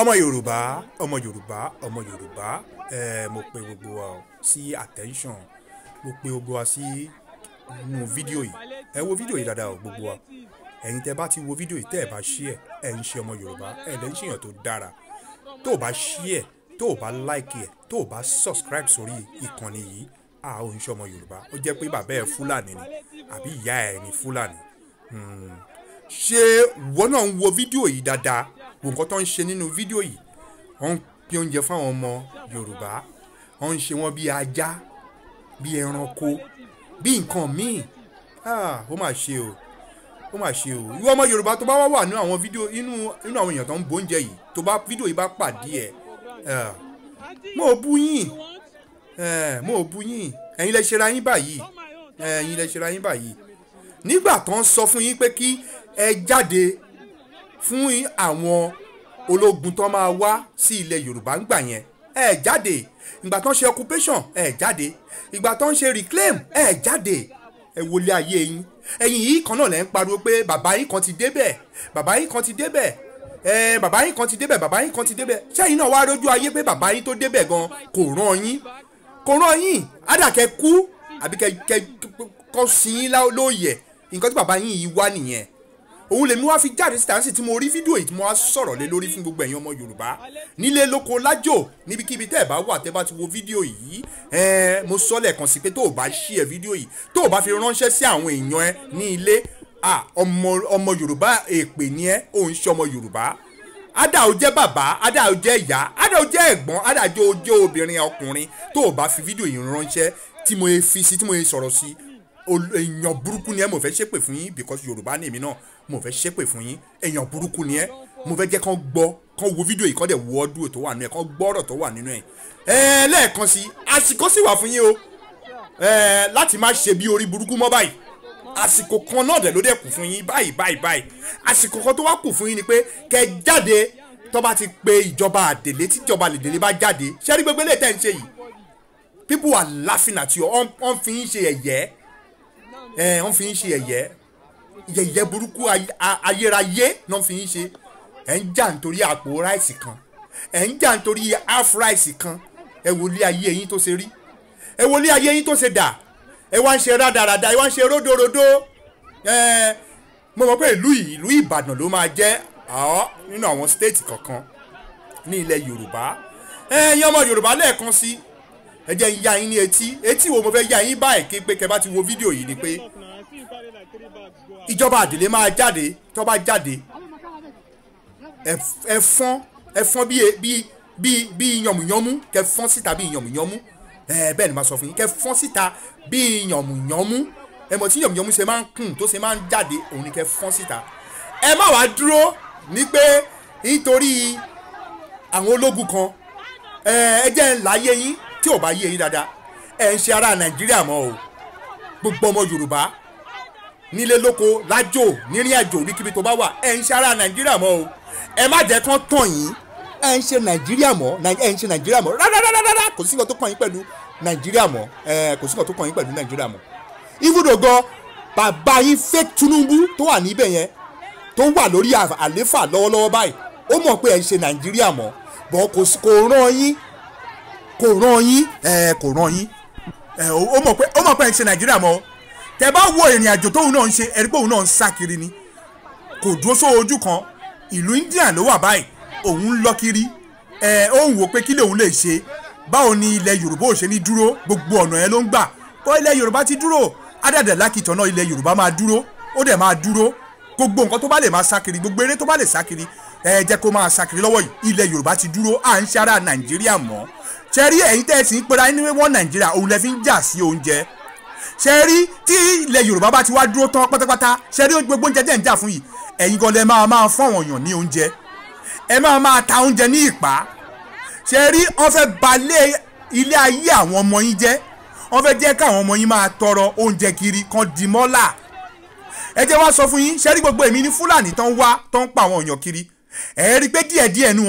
ọmọ yorùbá ọmọ yorùbá ọmọ yorùbá ẹ mo pe gbogbo wa sí attention mo pe gbogbo wa sí nu fídíò yìí ẹ wo fídíò yìí dáadáa o gbogbo wa ẹ̀yin tẹ́ bá ti wo fídíò yìí tẹ́ ẹ bá ṣí ẹ ẹ ń ṣe ọmọ yorùbá ẹ lẹ ń ṣèyàn tó dára tó o bá ṣí ẹ tó o bá like ẹ tó o bá subscribe sórí ìkànnì yìí a ò ń ṣọmọ yorùbá ó jẹ́ pé bàbá ẹ fúlàní ni àbí ìyá ẹ ní fúlàní hmm. ṣé ìwọ náà ń wo fídíò yìí dáadáa wò nǹkan tó ń ṣe nínú fídíò yìí wọ́n ń pín oúnjẹ fáwọn ọmọ yorùbá wọ́n ń ṣe wọ́n bí ajá bí ẹranko bí nǹkan míì ah, ó mà ṣe o ó mà ṣe o ìwọ ọmọ yorùbá tó bá wà wà nínú àwọn fídíò inú inú àwọn èèyàn tó ń bo oúnjẹ yìí tó bá fídíò yìí bá pàdé ẹ eh, mo bú yín eh, mo bú yín ẹ̀yin lẹ ṣe ra yín báyìí eh, ẹ̀yin lẹ ṣe ra yín báyìí nígbà tó ń sọ fún yín pé kí ẹ jáde fún àwọn ológun tó máa wá sí ilẹ̀ yorùbá ń gbà yẹn ẹ jáde ìgbà tó ń ṣe occupation ẹ jáde ìgbà tó ń ṣe reclaim ẹ jáde ẹ wọlé ayé yín ẹ̀yin yìí kan náà lẹ́ ń pariwo pé bàbá yín kan ti débẹ̀ bàbá yín kan ti débẹ̀ ẹ bàbá yín kan ti débẹ̀ bàbá yín kan ti débẹ̀ sẹ́yìn náà wá rójú ayé pé bàbá yín tó débẹ̀ gan kò rán yín kò rán yín àdàkẹ́ kú àbí kẹ́ kọ́ sí yín lóòyẹ̀ nǹkan tí bàbá yín yìí wá nìyẹn òun lèmi wá fi jáde síta sí tí mo rí fídíò yìí tí mo wá sọ̀rọ̀ lé lórí fún gbogbo ẹ̀yin ọmọ Yorùbá nílé lóko lájò níbikíbi tẹ́ ẹ̀ bá wà tẹ́ bá ti wo fídíò yìí ẹ̀ẹ́n mo sọ lẹ́ẹ̀kan sí pé tó o bá ṣí ẹ fídíò yìí tó o bá fi ránṣẹ́ sí àwọn èèyàn ẹ ní ilé ọmọ ọmọ Yorùbá èpè ni ẹ ò ń ṣe ọmọ Yorùbá ada ò jẹ́ bàbá ada ò jẹ́ ìyá ada ò jẹ́ ẹ̀gbọ́n ada ò jẹ́ obìnrin ọkùnrin tó o bá fi fídíò yìí ránṣẹ́ tí mo fi sí tí mo sọ̀rọ̀ sí èèyàn burúkú ni ẹ mo fẹ́ ṣépè fún yín because yorùbá ni èmi náà mo fẹ́ ṣépè fún yín èèyàn burúkú ni ẹ mo fẹ́ jẹ́ kán gbọ́ kán wo fídíò yìí kán dẹ̀ wo ọdún tó wà nínú ẹ kán gbọ́ ọ̀rọ̀ tó wà nínú ẹ. ẹ lẹ́ẹ̀kan sí àsìkò sì wà fún yín o láti má ṣe bí orí burúkú mọ́ báyìí àsìkò kan náà dẹ̀ ló dẹ̀ kù fún yín báyìí báyìí báyìí àsìkò kan tó wá kù fún yín ni pé kẹ́ jáde tó bá ti pe ìjọba àdèlé tíjọba àdèlé bá jáde ṣẹ́rí gbogbo ilé tẹ̀ ń ṣe yìí people are laughing at you wọ́n fi ń ṣe ẹ̀yẹ́ wọ́n fi ń ṣe ẹ̀yẹ́ yẹ̀yẹ́ burúkú ayérayé náà fi ń ṣe ẹ̀ ń jà nítorí àpò ráìsì kan ẹ̀ ń jà nítorí half ráìsì kan ẹ wo ilé ayé yín tó ṣe rí ẹ wo ilé ayé yín tó ṣe dà ẹ wá ń ṣe rádaràda ẹ wá ń ṣe ródòrodó mo mọ̀ pé ìlú ìlú Ìbàdàn ló máa jẹ́ nínú àwọn stéètì kọ̀ọ̀kan ní ilẹ̀ Yorùbá ẹ̀yin ọmọ Yorùbá lẹ́ẹ̀kan sí i ẹ jẹ́ ń ya yín ní etí etí wo mo fẹ́ ya yín báyìí kí pé kẹ́ ti wo fídíò yìí ni pé ìjọba àdìlé máa jáde tó bá jáde ẹ̀fọ́n ẹ̀fọ́n bíi e, bíi bíi yànmùyànmú kẹ́ fọ́n síta bíi yànmùyànmú ẹ bẹ́ẹ̀ ni màá sọ fún yín kẹ́ fọ́n síta bíi yànmùyànmú ẹ mọ̀ tí yànmùyànmú ṣe máa ń kùn tó ṣe máa ń jáde òun ni kẹ́ fọ́n síta ẹ má wàá dúró ní pé nítorí àwọn ológun kan ẹ jẹ́ ń láyé yín tí ò bá yé yín dáadáa ẹ̀ ń ṣe ará nàìjíríà mọ́ o gbogbo ọmọ yorùbá nílé lóko lájò nírìn àjò níkíbi tó bá wà ẹ̀ ń ṣe ará nàìjíríà mọ́ o ẹ má jẹ́ kán tàn yín ẹ̀ ń ṣe nàìjíríà mọ́ ẹ̀ ń ṣe nàìjíríà mọ́ rárárárá kò sí nǹkan tó kàn yín pẹ̀lú nàìjíríà mọ́ ẹ̀ kò sí nǹkan tó kàn yín pẹ̀lú nàìjíríà mọ́ ibùdó gan bàbá yín fẹ́ Tinubu tó wà níbẹ̀ yẹn tó wà lórí àléfà lọ́wọ́lọ́wọ́ báyìí ó mọ̀ pé ẹ̀ ń ṣe nàìjíríà mọ́ bọ́ kò rán yín kò ràn yín kò ràn yín ó mọ̀ pé ó mọ̀ pé ẹ̀ ń ṣe nàìjíríà mọ́ tẹ bá wo ìrìn àjò tóun náà ń ṣe ẹ̀rí pé òun náà ń sá kiri ni kò dúró sóojú kan ìlú India ló wà báyìí òun ń lọ kiri ó ń wò pé kí lòun lè ṣe báwo ni ilẹ̀ Yorùbá ò ṣe ní dúró gbogbo ọ̀nà ẹ ló ń gbà kọ́ ilẹ̀ Yorùbá ti dúró ádàdà lákìtàn náà ilẹ̀ Yorùbá máa dúró ó dẹ̀ máa dúró gbogbo nǹkan tó bá lè máa sá kiri gbogbo eré tó bá lè sá kiri ẹ jẹ́ kó máa sá kiri lọ́wọ́ yìí ilẹ̀ Yorùbá ti dúró à ń ṣe ara Nàìjíríà mọ́ ṣe rí ẹ̀yin tẹ́ ẹ sì ń pera ẹni wọ́n nàìjíríà òun lẹ fi ń jà sí oúnjẹ ṣe rí tí ilẹ̀ yorùbá bá ti wá dúró tán pátápátá ṣe rí gbogbo oúnjẹ tẹ́ ń jà fún yìí ẹ̀yin gan lẹ máa máa fún àwọn èèyàn ní oúnjẹ ẹ máa máa ta oúnjẹ ní ìpá ṣe rí wọ́n fẹ́ balẹ̀ ilé ayé àwọn ọmọ yín jẹ́ wọ́n fẹ́ jẹ́ káwọn ọmọ yín máa tọrọ oúnjẹ kiri kan dì mọ́là ẹ jẹ́ wá sọ fún yín ṣe rí gbogbo